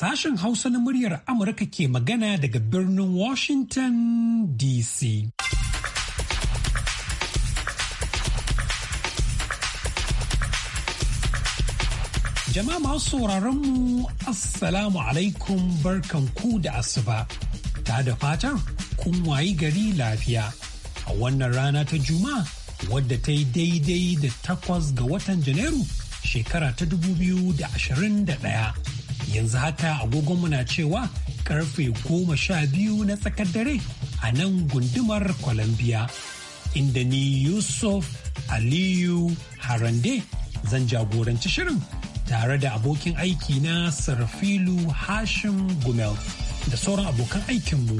Sashen Hausa na muryar Amurka ke magana daga birnin Washington DC. Jama'a masu sauraron mu Assalamu alaikum barkan ku da asuba. Ta da fatar kun wayi gari lafiya. A wannan rana ta Juma'a wadda ta yi daidai da takwas ga watan Janairu shekara ta 2021. yanzu haka agogonmu na cewa karfe goma sha biyu na tsakar dare a nan gundumar Columbia. Inda ni Yusuf Aliyu Harande zan jagoranci shirin tare da abokin aiki na Sarfilu Hashim Gumel da sauran abokan aikinmu.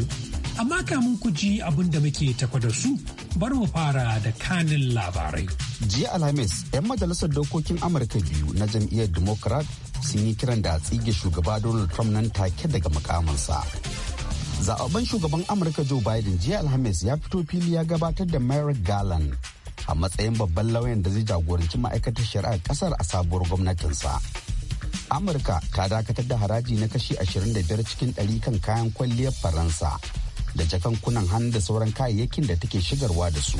Amma kamun ku ji abin da muke tafa da su bari mu fara da kanin labarai. Jiya Alhamis, 'yan majalisar dokokin Amurka biyu na jam'iyyar Democrat sun yi kiran da a tsige shugaba donald trump nan take daga makamansa zaɓaɓɓen shugaban amurka joe biden jiya alhamis ya fito fili ya gabatar da merrick garland a matsayin babban lauyan da zai jagoranci ma'aikatar shari'ar kasar a sabuwar gwamnatinsa amurka ta dakatar da haraji na kashi 25 cikin 100 kan kayan kwalliyar faransa da jakankunan hannu da sauran kayayyakin da take shigarwa da su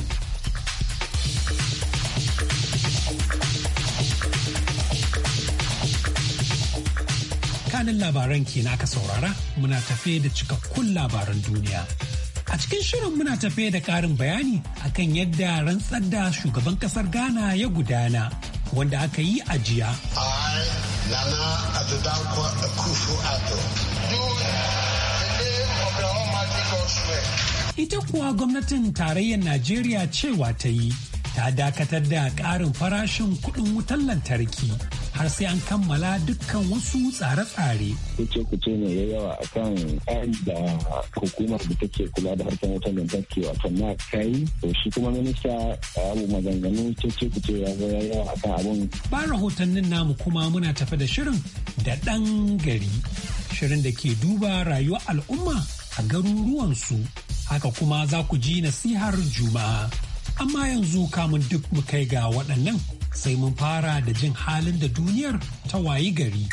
kanin labaran ke aka saurara muna tafe da cikakkun labaran duniya. A cikin shirin muna tafe da ƙarin bayani akan yadda rantsar da shugaban ƙasar Ghana ya gudana wanda aka yi a jiya. Ita kuwa gwamnatin tarayyar Najeriya cewa ta yi ta dakatar da ƙarin farashin kuɗin wutar lantarki. har sai an kammala dukkan wasu tsare-tsare. Kuce kuce ne ya yawa a kan tsari da hukumar da take kula da harkar wutar lantarki wato na kai to shi kuma minista abu maganganun kuce kuce ya zo ya yawa a kan abun. Ba rahotannin namu kuma muna tafe da shirin da ɗan gari. Shirin da ke duba rayuwar al'umma a garuruwansu. Haka kuma za ku ji nasihar Juma'a. Amma yanzu kamun duk mu kai ga waɗannan sai mun fara da jin halin da duniyar ta wayi gari.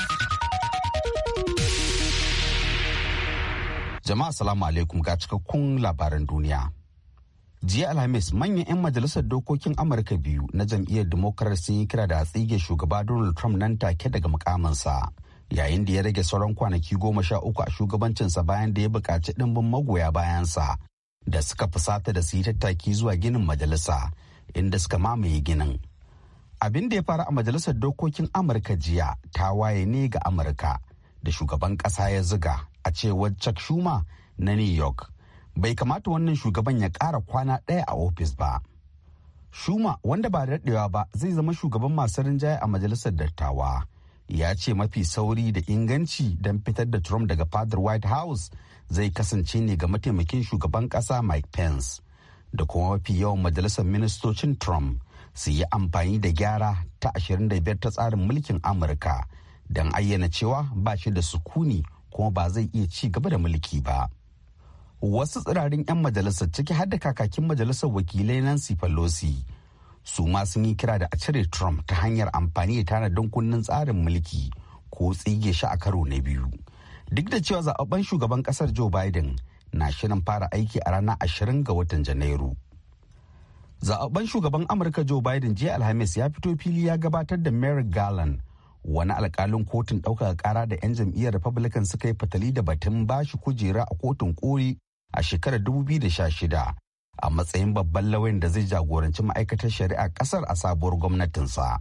Jama'a salamu alaikum ga cikakkun labaran duniya. Jiya Alhamis manyan 'yan majalisar dokokin Amurka biyu na jam'iyyar Democrat sun yi kira da tsige shugaba Donald Trump nan take daga mukaminsa. Yayin da ya rage sauran kwanaki goma sha uku a shugabancinsa bayan da ya buƙaci ɗimbin magoya bayansa da suka fusata da su yi tattaki zuwa ginin majalisa inda suka mamaye ginin abin da ya faru a majalisar dokokin amurka jiya ta waye ne ga amurka da shugaban ƙasa ya zuga a cewar chuck schumer na new york bai kamata wannan shugaban ya ƙara kwana ɗaya a ofis ba shuma wanda ba daɗewa ba zai zama shugaban masu rinjaye a majalisar dattawa ya ce mafi sauri da inganci don fitar da trump daga fadar white house zai kasance ne ga mataimakin shugaban ƙasa mike pence da kuma mafi yawan majalisar ministocin trump su yi amfani da gyara ta 25 ta tsarin mulkin amurka don ayyana cewa ba shi da sukuni kuma ba zai iya ci gaba da mulki ba wasu tsirarin 'yan majalisar ciki har da kakakin majalisar wakilai nancy pelosi su ma sun yi kira da a cire trump ta hanyar amfani da tanadin kunnen tsarin mulki ko tsige shi a karo na biyu duk da cewa zaɓaɓɓen shugaban ƙasar joe biden na shirin fara aiki a ranar 20 ga watan janairu zaɓaɓɓen shugaban amurka joe biden jiya alhamis ya fito fili ya gabatar da merrick garland wani alkalin kotun ɗaukaka ƙara da 'yan jam'iyyar republican suka yi fatali da batun bashi kujera a kotun koli a shekarar 2016 a matsayin babban lauyan da zai jagoranci ma'aikatar shari'a ƙasar a sabuwar gwamnatinsa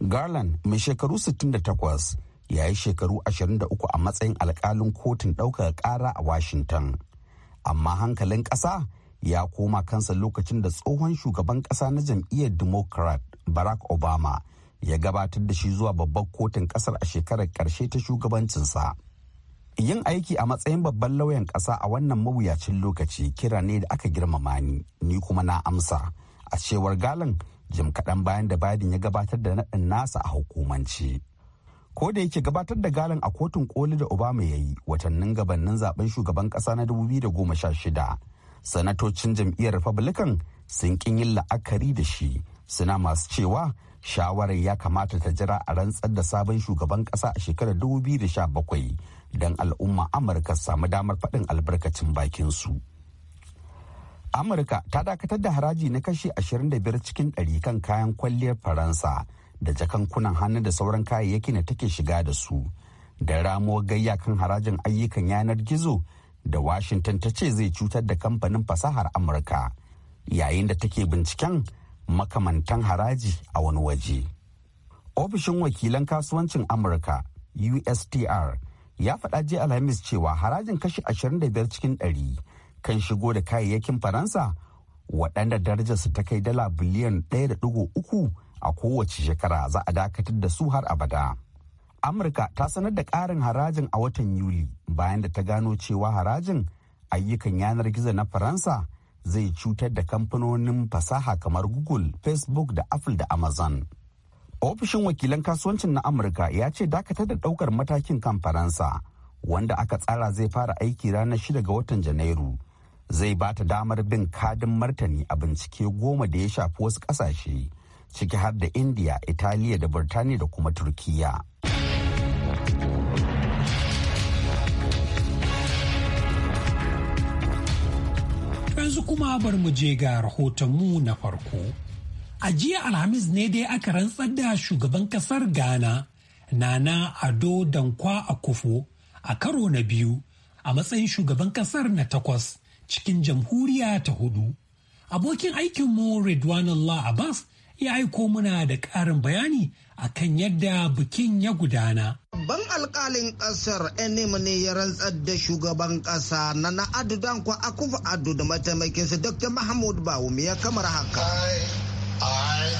garland mai shekaru 68 ya yi shekaru 23 a matsayin alkalin kotun ɗaukaka ƙara a washington amma hankalin ƙasa ya koma kansa lokacin da tsohon shugaban kasa na jam'iyyar democrat barack obama ya gabatar da shi zuwa babbar kotun kasar a shekarar karshe ta shugabancinsa yin aiki a matsayin babban lauyan kasa a wannan mawuyacin lokaci kira ne da aka girmama ni ni kuma na amsa a cewar galan jim kaɗan bayan da biden ya gabatar da naɗin nasa a hukumance ko da yake gabatar da galan a kotun koli da obama ya yi watannin gabannin zaben shugaban kasa na 2016 sanatocin jam'iyyar republican sun kin yin la'akari da shi suna masu cewa shawarar ya kamata ta jira a rantsar da sabon shugaban kasa a shekarar 2017 don al'umma amurka samu damar faɗin albarkacin bakin su amurka ta dakatar da haraji na kashi 25 cikin 100 kan kayan kwalliyar faransa da jakankunan hannu da sauran kayayyaki na take shiga da su da ramuwar gayya kan harajin ayyukan yanar gizo da washington ta ce zai cutar da kamfanin fasahar amurka yayin da take binciken makamantan haraji a wani waje ofishin wakilan kasuwancin amurka ustr ya faɗa jiya alhamis cewa harajin kashi 25 cikin 100 kan shigo da kayayyakin faransa waɗanda darajarsu ta kai dala biliyan 1.3 a kowace shekara za a dakatar da su har abada. amurka ta sanar da ƙarin harajin a watan yuli bayan da ta gano cewa harajin ayyukan yanar gizo na faransa zai cutar da kamfanonin fasaha kamar google facebook da apple da amazon ofishin wakilan kasuwancin na amurka ya ce dakatar da daukar matakin kan faransa wanda aka tsara zai fara aiki ranar 6 ga watan janairu zai ba ta damar bin kadin martani a bincike goma da ya shafi wasu kasashe ciki har da india italiya da burtaniya da kuma turkiyya. yanzu kuma bar mu je ga rahotonmu na farko. A jiya Alhamis ne dai aka rantsar da shugaban kasar Ghana, Nana Ado Dankwa Akufo, a karo na biyu, a matsayin shugaban kasar na takwas cikin jamhuriya ta hudu. Abokin aikinmu Ridwanullah Abbas ya aiko muna da ƙarin bayani a kan yadda bikin ya gudana. Ban alkalin kasar Enim ne ya rantsar da shugaban kasa na na kwa dankwa akufa adu da mataimakinsa Dr. Mahmud Bawumi ya kamar haka. I,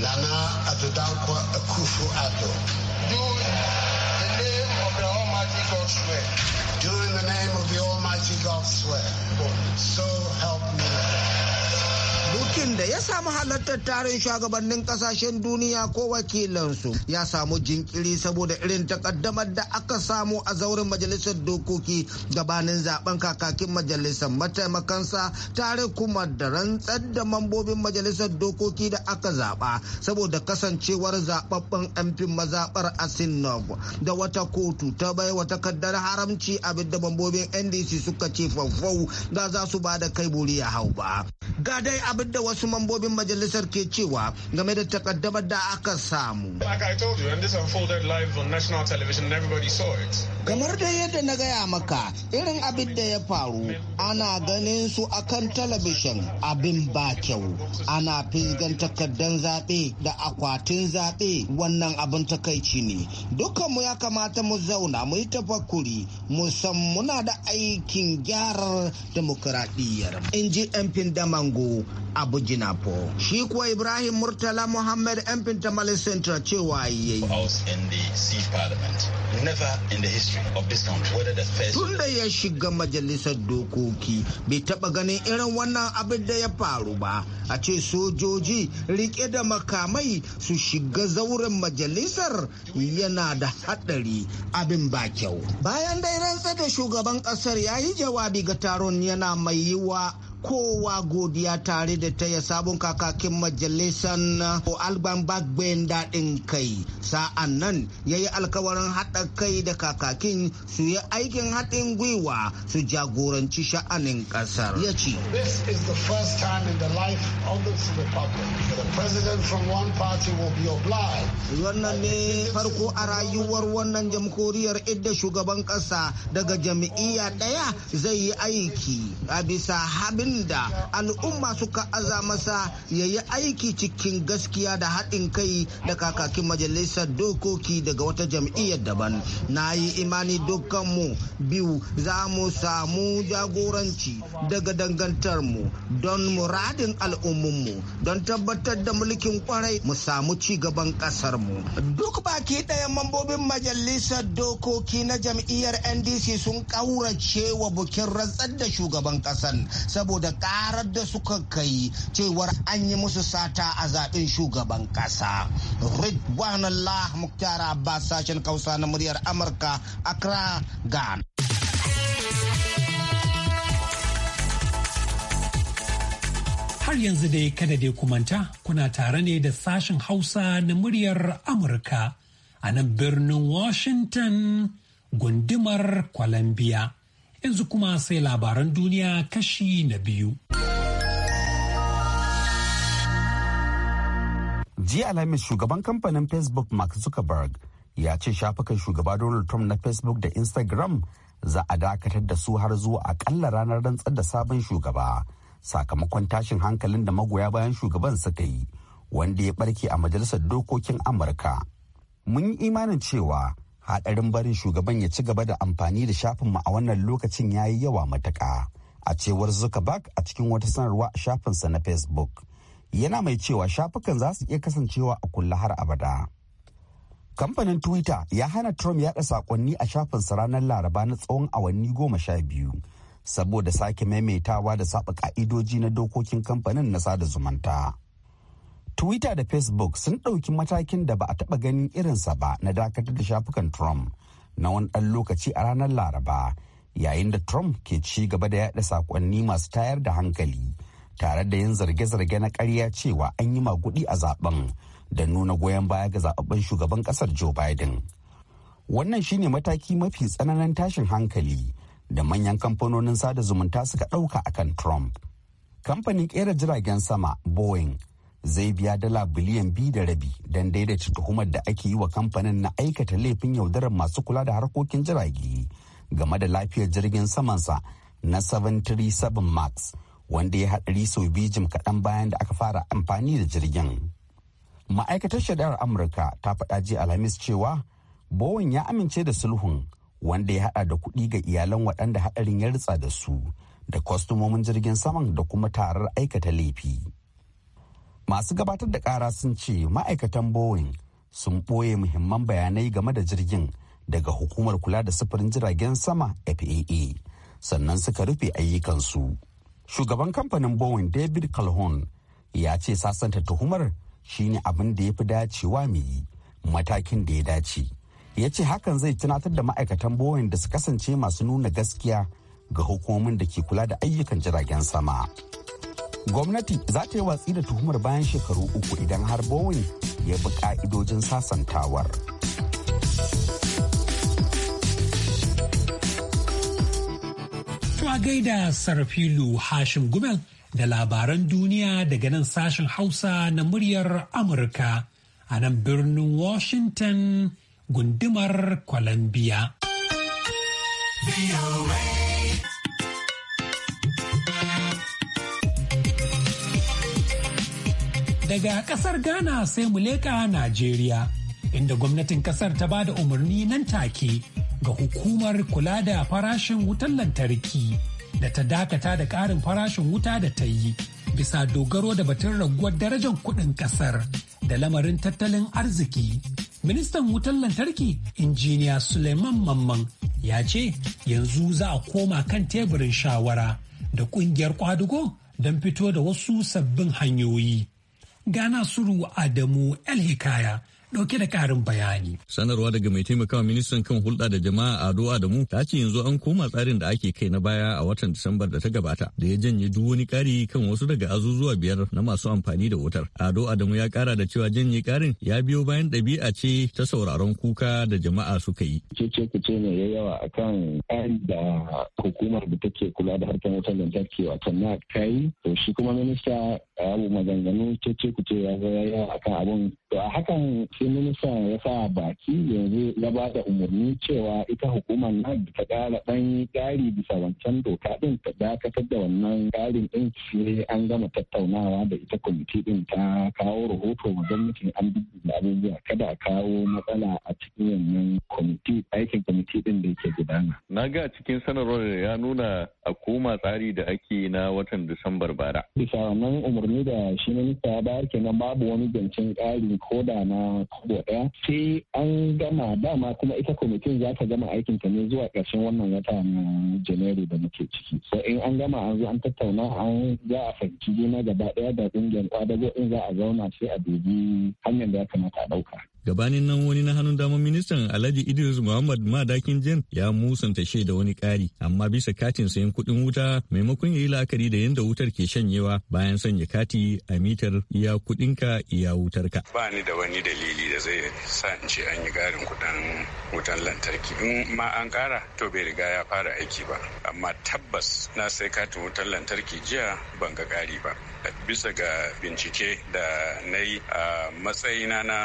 Nana akufu adu. Do Do in the name of the Almighty God swear. So help me. aikin da ya samu halartar tarin shugabannin kasashen duniya ko wakilansu ya samu jinkiri saboda irin takaddamar da aka samu a zauren majalisar dokoki gabanin zaben kakakin majalisar mataimakansa tare kuma da rantsar da mambobin majalisar dokoki da aka zaba saboda kasancewar zababben amfin mazabar asinog da wata kotu ta bai wa takaddar haramci abin da mambobin ndc suka ce fanfau da za su ba da kai buri ya hau ba ga dai abin da wasu mambobin majalisar ke cewa game da takaddamar da aka samu. Kamar da yadda na gaya maka irin abin da ya faru ana ganin su akan talabishin abin ba kyau ana fisgan takaddan zaɓe da akwatin zaɓe wannan abin takaici ne dukanmu ya kamata mu zauna mu yi tafakuri san muna da aikin gyarar demokuraɗiyyar in ji burkina po. shi kuwa ibrahim murtala muhammad yan fintamali central cewa yayi tun da ya shiga majalisar dokoki bai taba ganin irin wannan abin da ya faru ba a ce sojoji rike da makamai su shiga zauren majalisar yana da haɗari abin ba kyau bayan dai rantsar da shugaban ƙasar ya yi jawabi ga taron yana mai yiwa kowa godiya tare da taya sabon kakakin majalisar uh, alban bagben daɗin kai sa'an nan ya yi alkawarin haɗa kai da kakakin su yi aikin haɗin gwiwa su jagoranci sha'anin ƙasar ya ce Wannan ne farko a rayuwar wannan jamhuriyar idda shugaban ƙasa daga jam'iyya ɗaya zai yi aiki a bisa habin inda da al'umma suka aza masa ya yi aiki cikin gaskiya da haɗin kai da kakakin majalisar dokoki daga wata jam'iyyar daban na yi imani dukkanmu biyu za mu samu jagoranci daga dangantarmu don muradin al'ummunmu don tabbatar da mulkin kwarai mu samu ci gaban ƙasarmu duk baki ɗaya mambobin majalisar dokoki na jam'iyyar ndc sun ƙaurace wa bukin rantsar da shugaban ƙasar saboda Da karar da suka kai cewar an yi musu sata a zaɓen shugaban ƙasa. Ridwan Allah Muktar Abbas sashen kausa na muryar Amurka Accra, Ghana. Har yanzu dai kada dai kumanta kuna tare ne da sashen Hausa na muryar Amurka a nan birnin Washington gundumar Columbia. yanzu kuma sai labaran duniya kashi na biyu. jiya alhamis shugaban kamfanin facebook mark zuckerberg ya ce shafukan shugaba donald trump na facebook da instagram za a dakatar da su har zuwa akalla ranar rantsar da sabon shugaba sakamakon tashin hankalin da magoya bayan shugaban suka yi wanda ya barke a majalisar dokokin amurka mun yi imanin cewa hadarin barin shugaban ya ci gaba da amfani da shafin shafinmu a wannan lokacin ya yi yawa matuka a cewar zuckerberg a cikin wata sanarwa a shafinsa na facebook yana mai cewa shafukan za su iya kasancewa a kulle har abada kamfanin twitter ya hana trump yaɗa sakonni a shafinsa ranar laraba na tsawon awanni goma sha biyu saboda sake maimaitawa da saba ka'idoji na dokokin kamfanin na sada zumunta twitter da facebook sun ɗauki matakin da ba a taɓa ganin irinsa ba na dakatar da shafukan trump na wani ɗan lokaci a ranar laraba yayin da trump ke ci gaba da yaɗa saƙonni masu tayar da hankali tare da yin zarge-zarge na ƙarya cewa an yi maguɗi a zaben da nuna goyon baya ga zababben shugaban ƙasar joe biden wannan shine mataki mafi tsananin tashin hankali da manyan kamfanonin sada zumunta suka ɗauka akan trump kamfanin ƙera jiragen sama boeing zai biya dala biliyan biyu da rabi don daidaita tuhumar da ake yi wa kamfanin na aikata laifin yaudarar masu kula da harkokin jirage game da lafiyar jirgin samansa na 737 max wanda ya haɗari sau biyu jim kaɗan bayan da aka fara amfani da jirgin ma'aikatar shari'ar amurka ta faɗa ji alhamis cewa bowen ya amince da sulhun wanda ya haɗa da kuɗi ga iyalan waɗanda haɗarin ya ritsa da su da kwastomomin jirgin saman da kuma tarar aikata laifi. masu gabatar da kara sun ce ma'aikatan boeing sun ɓoye muhimman bayanai game da jirgin daga hukumar kula da sufurin jiragen sama faa sannan suka rufe ayyukansu shugaban kamfanin boeing david calhoun ya ce sasanta tuhumar shine abin da ya fi dacewa mai matakin da ya dace ya ce hakan zai tunatar da ma'aikatan boeing da su kasance masu nuna gaskiya ga hukumomin da ke kula da ayyukan jiragen sama. gwamnati za ta yi watsi da tuhumar bayan shekaru uku idan har bowen ya bi ka'idojin sasantawar a gaida sarfilu hashim gumel da labaran duniya daga nan sashen hausa na muryar amurka a nan birnin washington gundumar columbia. Daga kasar Ghana sai mu leka Najeriya, inda gwamnatin kasar ta ba da umarni nan take ga hukumar kula da farashin wutar lantarki da ta dakata da ƙarin farashin wuta da ta yi bisa dogaro da batun raguwar darajar kudin kasar da lamarin tattalin arziki. Ministan wutar lantarki injiniya Suleiman Mamman ya ce yanzu za a koma kan teburin shawara da ƙungiyar kwadugo don fito da wasu sabbin hanyoyi. Gana Suru Adamu El Hikaya Dauke da karin bayani. Sanarwa daga mai taimakawa ministan kan hulɗa da jama'a Ado Adamu ta ce yanzu an koma tsarin da ake kai na baya a watan Disambar da ta gabata da ya janye duk wani ƙari kan wasu daga azuzuwa biyar na masu amfani da wutar. Ado Adamu ya kara da cewa janye ƙarin ya biyo bayan ɗabi'a ce ta sauraron kuka da jama'a suka yi. Cece ku ce ne ya yawa akan tsari da hukumar da take kula da harkar wutar lantarki wato na kai to shi kuma minista abu maganganu cece ku ce ya ya yawa akan abun. To a hakan sai ministan ya sa baki yanzu ya ba da umarni cewa ita hukumar na ta kara dan kari bisa wancan doka din ta dakatar da wannan ƙarin din sai an gama tattaunawa da ita kwamiti din ta kawo rahoto ma gwamnatin an da abubuwa kada a kawo matsala a cikin wannan kwamiti aikin kwamiti din da yake gudana. Na ga cikin sanarwar ya nuna a koma tsari da ake na watan Disambar bara. Bisa wannan umarni da shi minista ya bayar kenan babu wani gancin ƙarin koda na kobo ɗaya sai an gama dama kuma ita kwamitin za ta gama aikin ta ne zuwa ƙarshen wannan wata na janairu da muke ciki so in an gama an zo an tattauna an za a fahimci juna gaba ɗaya da ƙungiyar kwadago in za a zauna sai a dubi hanyar da ya kamata a ɗauka gabanin nan wani na hannun damar ministan alhaji idris muhammad madakin jen ya musanta shi da wani kari amma bisa katin sayan kuɗin wuta maimakon ya yi la'akari da yadda wutar ke shanyewa bayan sanya kati a mitar iya kuɗinka iya ka. ba ni da wani dalili da zai sa in ce an yi garin kuɗin wutan lantarki in ma an ƙara to bai riga ya fara aiki ba amma tabbas na sai katin wutan lantarki jiya ban ga ƙari ba bisa ga bincike da na yi a matsayina na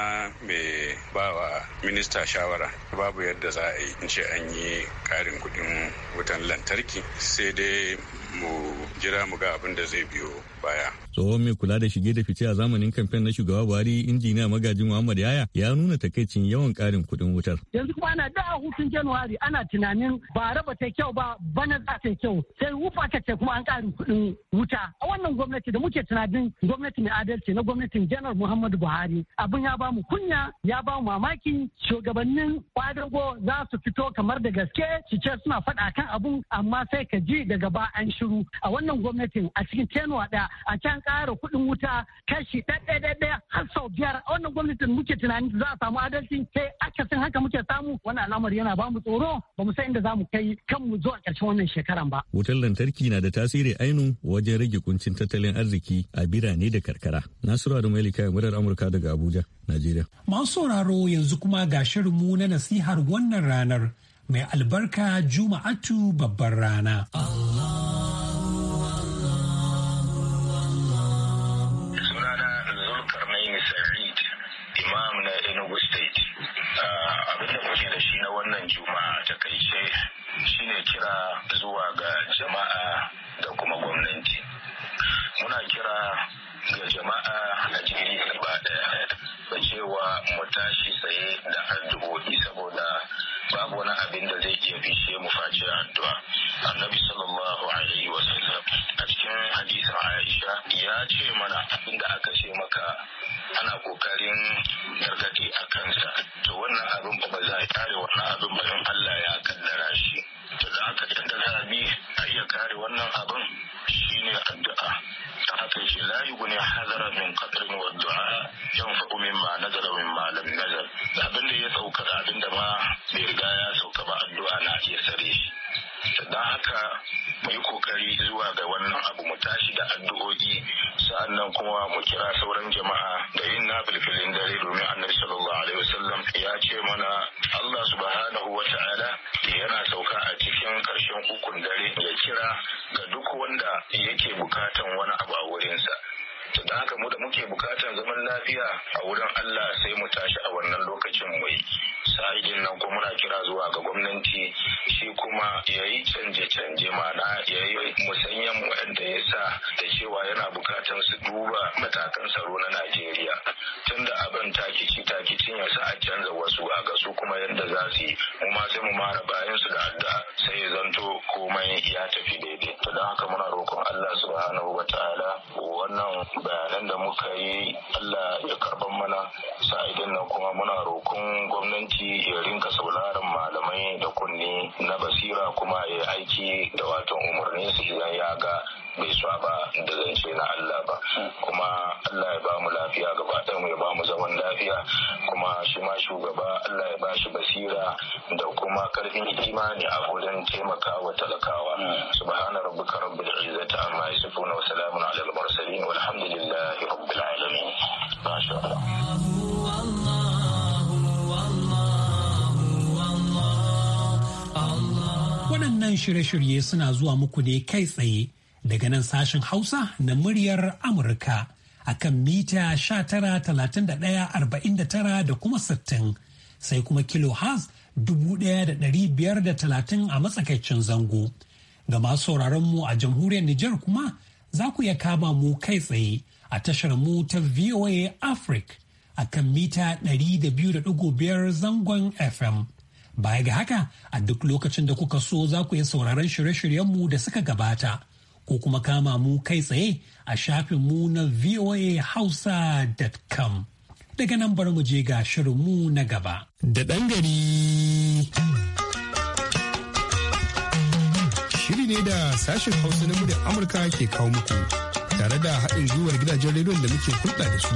mai ba bawa minista shawara babu yadda za a yi in ce an yi karin kudin wutan lantarki sai dai mu jira mu ga abin da zai biyo baya. tsohon mai kula da shige da fice a zamanin kamfen na shugaba buhari injiniya magajin muhammad yaya ya nuna takaicin yawan karin kudin wutar yanzu kuma ana da hutun januwari ana tunanin ba raba ta kyau ba bana za ta kyau sai wufa ta ce kuma an karin kuɗin wuta a wannan gwamnati da muke tunanin gwamnati mai adalci na gwamnatin janar muhammadu buhari abin ya bamu kunya ya ba mu mamaki shugabannin kwadago za su fito kamar da gaske su ce suna faɗa kan abun amma sai ka ji daga ba an shiru a wannan gwamnatin a cikin tenuwa ɗaya a can ƙara kuɗin wuta kashi ɗaya har sau biyar wannan gwamnatin muke tunanin za a samu adalci sai akasin haka muke samu wani alamar yana ba mu tsoro ba mu san inda za mu kai kanmu zuwa ƙarshen wannan shekaran ba. Wutar lantarki na da tasiri ainu wajen rage kuncin tattalin arziki a birane da karkara. Nasiru Adamu Elika murar Amurka daga Abuja, Najeriya. Masu sauraro yanzu kuma ga mu na nasihar wannan ranar mai albarka Juma'atu babbar rana. Allah. takaice shine kira zuwa ga jama'a da kuma gwamnati muna kira ga jama'a a jiri gaba daya da cewa mu tashi tsaye da addu'o'i saboda babu wani abin da zai ke bishe mu face addu'a annabi sallallahu alaihi wasallam cikin hadisin Aisha ya ce mana inda aka ce maka ana kokarin gargaɗi a kansa to wannan abin ba ba za a kare wannan abin ba in Allah ya kaddara shi to da aka yadda za a bi a iya kare wannan abin shine addu'a ta haka shi la yuguni hadara min addu'o'i sa'annan kuma mu kira sauran jama'a da yin nafilfilin dare domin annabi sallallahu alaihi wasallam ya ce mana ake bukatar zaman lafiya a wurin Allah sai mu tashi a wannan lokacin mai sa'idin nan ko muna kira zuwa ga gwamnati shi kuma ya yi canje-canje mana ya yi musanyen wanda ya sa da cewa yana bukatar su duba matakan tsaro na Najeriya tunda abin takici takicin ya sa a canza wasu a ga su kuma yadda za su yi mu ma sai mu mara bayan su da adda sai zanto komai ya tafi daidai to don haka muna roƙon Allah subhanahu wataala wannan bayanan da muka yi Allah ya karban mana saidin nan kuma muna rokon gwamnati ya rinka sauraron malamai da kunni na basira kuma ya aiki da wato umarnin su idan ya ga bai swa ba da zance na Allah ba kuma Allah ya ba mu lafiya gaba ɗaya mu ya ba mu zaman lafiya kuma shi ma shugaba Allah ya ba shi basira da kuma karfin imani a wajen taimakawa talakawa hmm. subhana rabbika rabbil izzati amma الصافون وسلام على المرسلين والحمد لله رب العالمين ما شاء الله shirye-shirye suna zuwa muku ne kai tsaye daga nan sashen Hausa na muryar Amurka a kan mita talatin da kuma sittin, sai kuma kilo biyar da talatin a matsakaicin zango. Ga masu sauraron mu a jamhuriyar Nijar kuma za ku iya kama mu kai tsaye a tashar mu ta VOA Africa a kan mita 200.5 zangon FM. Baya ga haka a duk lokacin da kuka so za ku iya sauraron shirye shiryen mu da suka gabata ko kuma kama mu kai tsaye a shafin mu na voahausa.com. Daga nan bari mu je ga shirin mu na gaba. Da ɗan gari. shiri ne da sashen hausa na muryar amurka ke kawo muku tare da haɗin gwiwar gidajen rediyon da muke hulɗa da su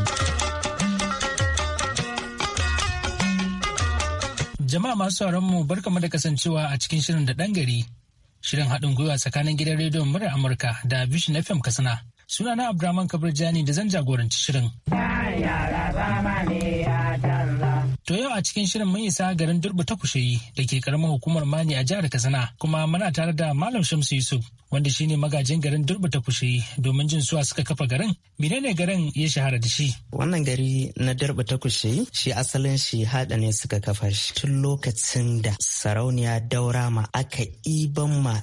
jama'a masu sauran mu barkamu da kasancewa a cikin shirin da ɗan gari shirin haɗin gwiwa tsakanin gidan rediyon murar amurka da vision fm kasana suna na abdulrahman kabir jani da zan jagoranci shirin a cikin shirin mun isa garin Durbu ta kushayi da ke karamar hukumar Mani a jihar Katsina kuma muna tare da Malam Shamsu Yusuf wanda shine magajin garin Durbu ta kushayi domin jin suwa suka kafa garin menene garin ya shahara da shi. Wannan gari na Durbu ta kushayi shi asalin shi hada ne suka kafa shi tun lokacin da sarauniya daura ma aka iban ma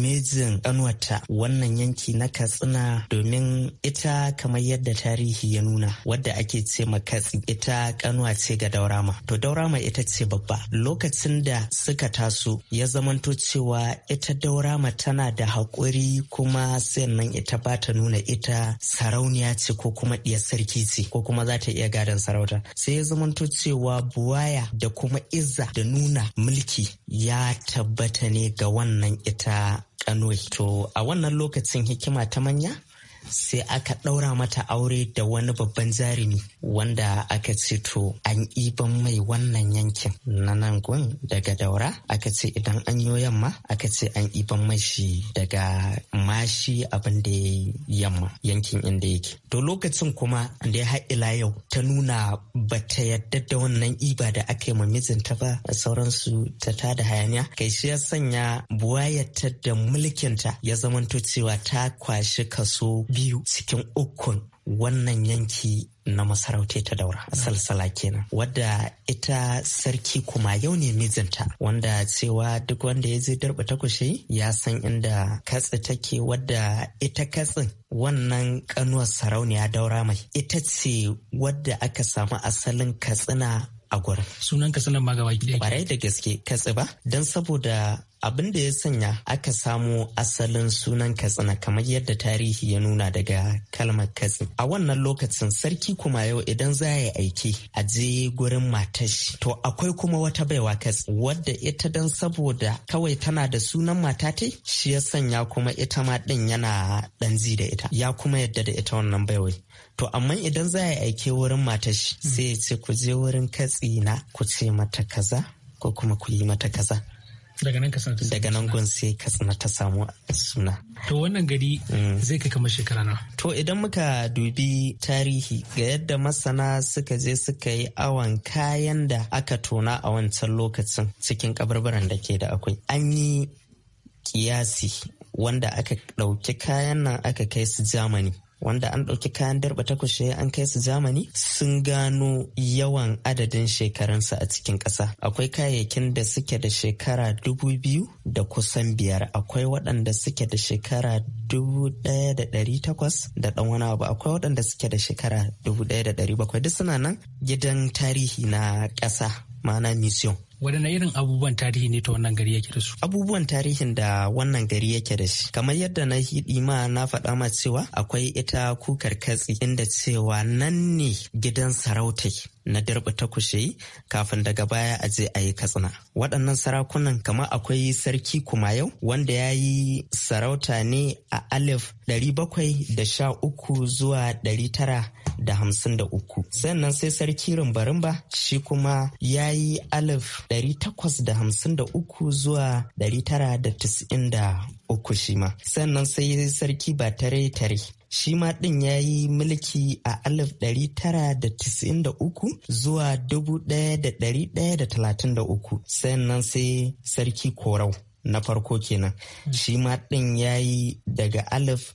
mijin kanuwata wannan yanki na Katsina domin ita kamar yadda tarihi ya nuna wadda ake ce katsi ita kanuwa ce ga daurama. To daura mai ita ce babba lokacin da suka taso ya zamanto cewa ita daurama tana da haƙuri kuma sannan ita ba ta nuna ita sarauniya ce ko kuma ɗiyar sarki ce ko kuma za ta iya gadon sarauta sai ya zamanto cewa buwaya da kuma izza da nuna mulki ya tabbata ne ga wannan ita kanoi to a wannan lokacin hikima ta manya sai aka ɗaura mata aure da wani babban jarumi wanda aka ce to an iban mai wannan yankin na nan gun daga daura aka ce idan an yi yamma aka ce an iban mai shi daga mashi abin da ya yamma yankin inda yake to lokacin kuma da ya ila yau ta nuna ba ta yarda da wannan iba da aka yi ma mijinta ba A sauransu ta tada hayaniya kai shi ya sanya buwayatar da mulkinta ya zamanto cewa ta kwashi kaso biyu cikin ukun wannan yanki na masarauta ta daura A salsala kenan wadda ita sarki kuma yau ne mijinta wanda cewa duk wanda ya je darba takushe ya san inda katsi take wadda ita katsin wannan kanuwar sarauniya daura mai ita ce wadda aka samu asalin katsina a gurin sunan katsinan ma gaba ki da gaske katsi ba don saboda abin da ya sanya aka samo asalin sunan katsina kamar yadda tarihi ya nuna daga kalmar katsi a wannan lokacin sarki kuma yau idan za ya aiki a je gurin matashi to akwai kuma wata baiwa katsi wadda ita dan saboda kawai tana da sunan mata tai shi ya sanya kuma ita ma din yana ɗanzi da ita ya kuma yadda da ita wannan baiwai To amma idan za a aike wurin matashi sai ya ce ku je wurin katsina ku ce mata kaza ko kuma ku yi mata kaza. daga nan katsina daga nan gun sai ta samu suna to wannan gari mm. zai kai kamar shekara na to idan muka dubi tarihi ga yadda masana suka je suka yi awon kayan da aka tona a wancan lokacin cikin kabarbaran da ke da akwai an yi kiyasi wanda aka ɗauki kayan nan aka kai su Germany wanda an ɗauki kayan darba takwashe an kai su Germany sun gano yawan adadin shekarunsa a cikin ƙasa. Akwai kayayyakin da suke da shekara dubu biyu da kusan biyar. Akwai waɗanda suke da shekara dubu ɗaya da ɗari takwas da ɗan wani abu. Akwai waɗanda suke da shekara dubu ɗaya da ɗari bakwai. Duk suna nan gidan tarihi na ƙasa ma'ana museum. waɗanne irin abubuwan tarihi ne ta wannan gari yake da su abubuwan tarihin da wannan gari yake da shi kamar yadda na hidi ma na faɗa ma cewa akwai ita kukar katsi inda cewa nan ne gidan sarauta na darbe ta kushe kafin daga baya a je a yi katsina waɗannan sarakunan kama akwai sarki kuma yau wanda ya yi sarauta ne a alif 713 zuwa 900 da hamsin da uku sannan sai sarki rumbarimba shi kuma ya yi alif dari takwas da hamsin da uku zuwa dari tara da tis'in da uku shi ma sannan sai sarki ba tare shi ma ɗin ya yi mulki a alif tara da da uku zuwa dubu ɗaya ɗaya da da da ɗari talatin uku sannan sai sarki korau na farko kenan hmm. shi ma ɗin ya yi daga alif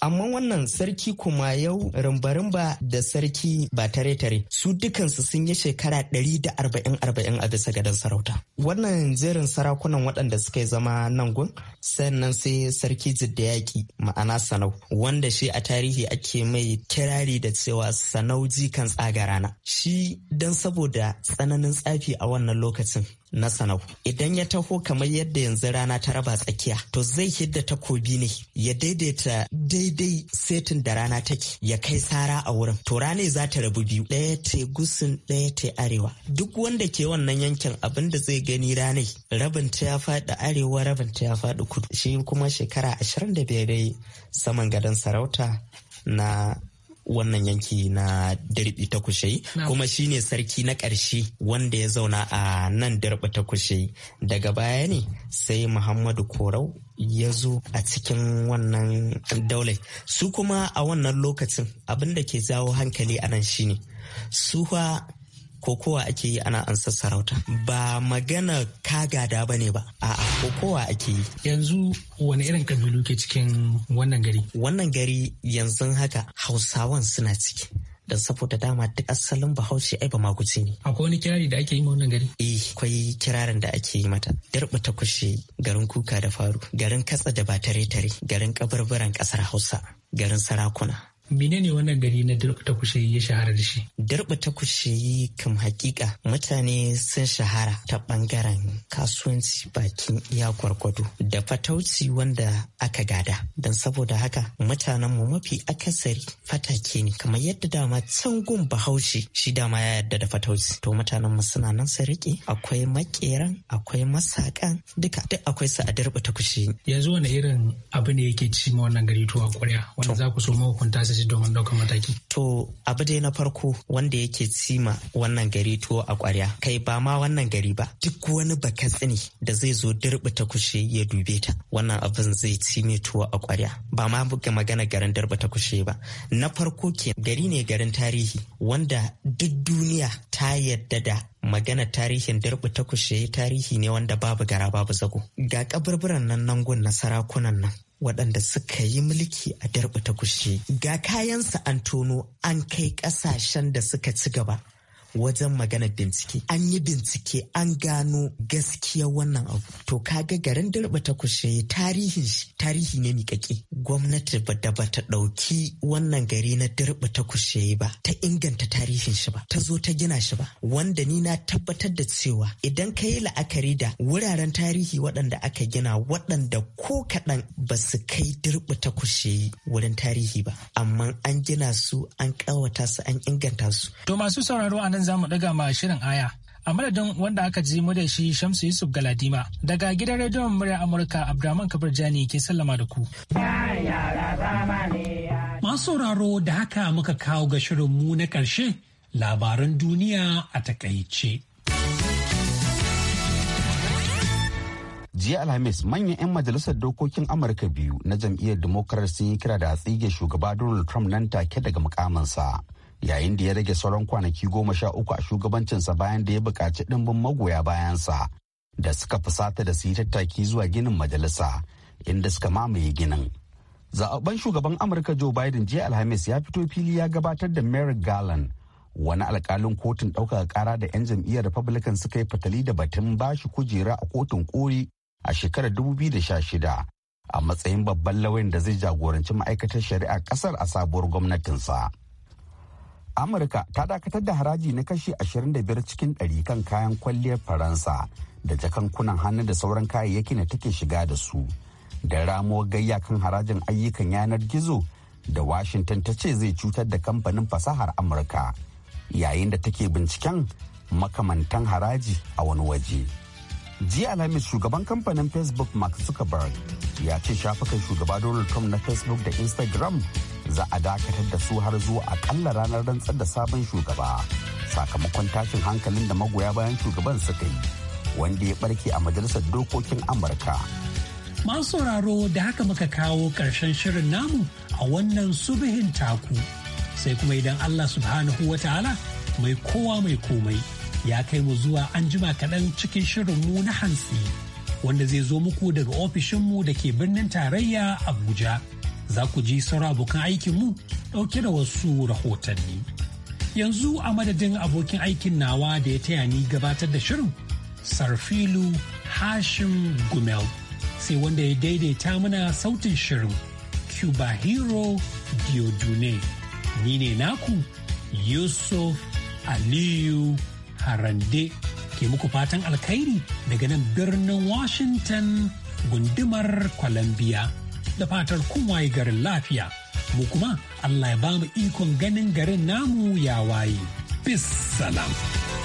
amma wannan sarki kuma yau rumba da sarki ba tare-tare su dukansu sun yi shekara 140 a bisa gadon sarauta wannan jerin sarakunan waɗanda suka zama nan gun sannan sai sarki yaki ma'ana sanau wanda shi a tarihi ake mai kirari da cewa sanau jikan tsagarana shi don saboda tsananin tsafi a wannan lokacin na sanau idan ya taho kamar yadda yanzu rana ta raba tsakiya to zai hidda takobi ne ya daidaita daidai setin da rana take ya kai sara a wurin to rana za ta rabu biyu ɗaya ta gusun ɗaya ta arewa duk wanda ke wannan yankin abin da zai gani rana rabin ta ya faɗi arewa rabin ta ya faɗi kudu shi kuma shekara ashirin da biyar saman gadon sarauta na wannan yanki na dirbi ta kushe kuma shine sarki na ƙarshe wanda ya zauna a nan darbi ta kushe daga baya ne sai muhammadu korau ya zo a cikin wannan daulai su kuma a wannan lokacin abinda ke jawo hankali a nan shine suwa kokowa ake yi ana ansa sarauta ba magana kagada ba ne ba a'a kokowa ake yi yanzu wani irin kabilu ke cikin wannan gari wannan gari yanzu haka hausawan suna ciki da saboda dama duk asalin bahaushe ai ba maguci ne. Akwai wani kirari da ake yi wannan gari? Eh, akwai kirarin da ake yi mata. Darba ta kushe garin kuka da faru, garin katsa da ba tare tare, garin kabarbaran kasar Hausa, garin sarakuna. ne wannan gari na Durba ta kushayi ya shahara da shi? Durba ta kushayi kam hakika mutane sun shahara ta bangaren kasuwanci bakin iya gwargwado da fatauci wanda aka gada. Don saboda haka mutanen mu mafi akasari fatake ne kamar yadda dama can gun bahaushe shi dama ya yarda da fatauci. To mutanen mu suna nan su riƙe akwai makeran akwai masakan duka duk akwai su a Durba ta kushayi. Yanzu wani irin abu ne yake ci ma wannan gari tuwa kwarya wanda za ku so mahukunta su su da wanda kuma mataki. To abu dai na farko wanda yake cima wannan gari tuwo a kwarya kai ba ma wannan gari ba duk wani baka tsini da zai zo ta kushe ya dube ta wannan abin zai cime tuwo a kwarya ba ma buga magana garin ta kushe ba. Na farko ke gari ne garin tarihi wanda duk duniya ta yadda da magana tarihin darbu ta kushe tarihi ne wanda babu gara babu zago ga kaburburan nan nangun na sarakunan nan waɗanda suka yi mulki a darɓa ta kushe ga kayansa an tono an kai ƙasashen da suka ci gaba wajen maganar bincike an yi bincike an gano gaskiya wannan abu to ka ga garin dirba ta kushe tarihin shi tarihi ne miƙaƙe gwamnati da bata ɗauki wannan gari na dirba ta kushe ba ta inganta tarihin shi ba ta zo ta gina shi ba wanda ni na tabbatar da cewa idan ka yi la'akari da wuraren tarihi waɗanda aka gina waɗanda ko kaɗan ba su kai dirba ta kushe wurin tarihi ba amma an gina su an ƙawata su an inganta su to masu sauraro a nan za mu daga ma shirin aya. A madadin wanda aka ji mu da shi Shamsu Yusuf Galadima daga gidan rediyon murya Amurka Abdurrahman Kabir Jani ke sallama da ku. Masu sauraro da haka muka kawo ga shirin mu na ƙarshe labaran duniya a takaice. jiya alhamis manyan 'yan majalisar dokokin amurka biyu na jam'iyyar democrat sun yi kira da tsige shugaba donald trump nan take daga mukamansa yayin da ya rage sauran kwanaki goma sha uku a shugabancinsa bayan da ya buƙaci ɗimbin magoya bayansa da suka fusata da su yi tattaki zuwa ginin majalisa inda suka mamaye ginin. Zaɓaɓɓen shugaban Amurka Joe Biden jiya Alhamis ya fito fili ya gabatar da Merrick Garland wani alkalin kotun ɗaukaka ƙara da 'yan jam'iyyar Republican suka yi fatali da batun bashi kujera a kotun ƙori a shekarar 2016 a matsayin babban lauyan da zai jagoranci ma'aikatar shari'a ƙasar a sabuwar gwamnatinsa. amurka ta dakatar da haraji na kashi 25 cikin 100 kan kayan kwalliyar faransa da jakankunan hannu da sauran kayayyaki da take shiga da su da ramo gayya kan harajin ayyukan yanar gizo da washington ta ce zai cutar da kamfanin fasahar amurka yayin da take binciken makamantan haraji a wani waje ji alhamis shugaban kamfanin facebook mark zuckerberg ya ce shafukan shugaba donald trump na facebook da instagram za a dakatar da su har zuwa akalla ranar rantsar da sabon shugaba sakamakon tashin hankalin da magoya bayan shugaban suka yi wanda ya barke a majalisar dokokin amurka masu sauraro da haka muka kawo ƙarshen shirin namu a wannan subihin taku sai kuma idan allah subhanahu wa ta'ala mai kowa mai komai ya kai mu zuwa an jima kaɗan cikin shirin mu na hantsi wanda zai zo muku daga ofishinmu da ke birnin tarayya abuja za ku ji sauran abokan aikinmu ɗauke da wasu rahotanni. Yanzu a madadin abokin aikin nawa da ya taya ni gabatar da shirin Sarfilu Hashim Gumel sai wanda ya daidaita mana sautin shirin Cuba Hero Diodune. Ni ne naku Yusuf Aliyu Harande ke muku fatan alkhairi daga nan birnin Washington gundumar Columbia. da fatar kowaye garin lafiya. Mu kuma Allah ya ba mu ikon ganin garin namu ya waye. Bis salam.